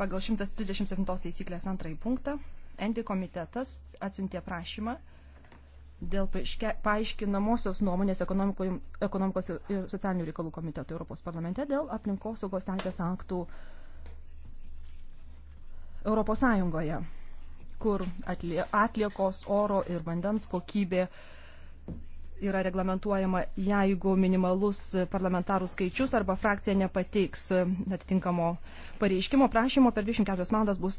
Pagal 137 taisyklės antrąjį punktą Endi komitetas atsiuntė prašymą dėl paaiškinamosios nuomonės ekonomikos ir socialinių reikalų komiteto Europos parlamente dėl aplinkosaugos teisės aktų Europos Sąjungoje, kur atliekos oro ir vandens kokybė yra reglamentuojama, jeigu minimalus parlamentarų skaičius arba frakcija nepateiks atitinkamo pareiškimo prašymo, per 24 valandas bus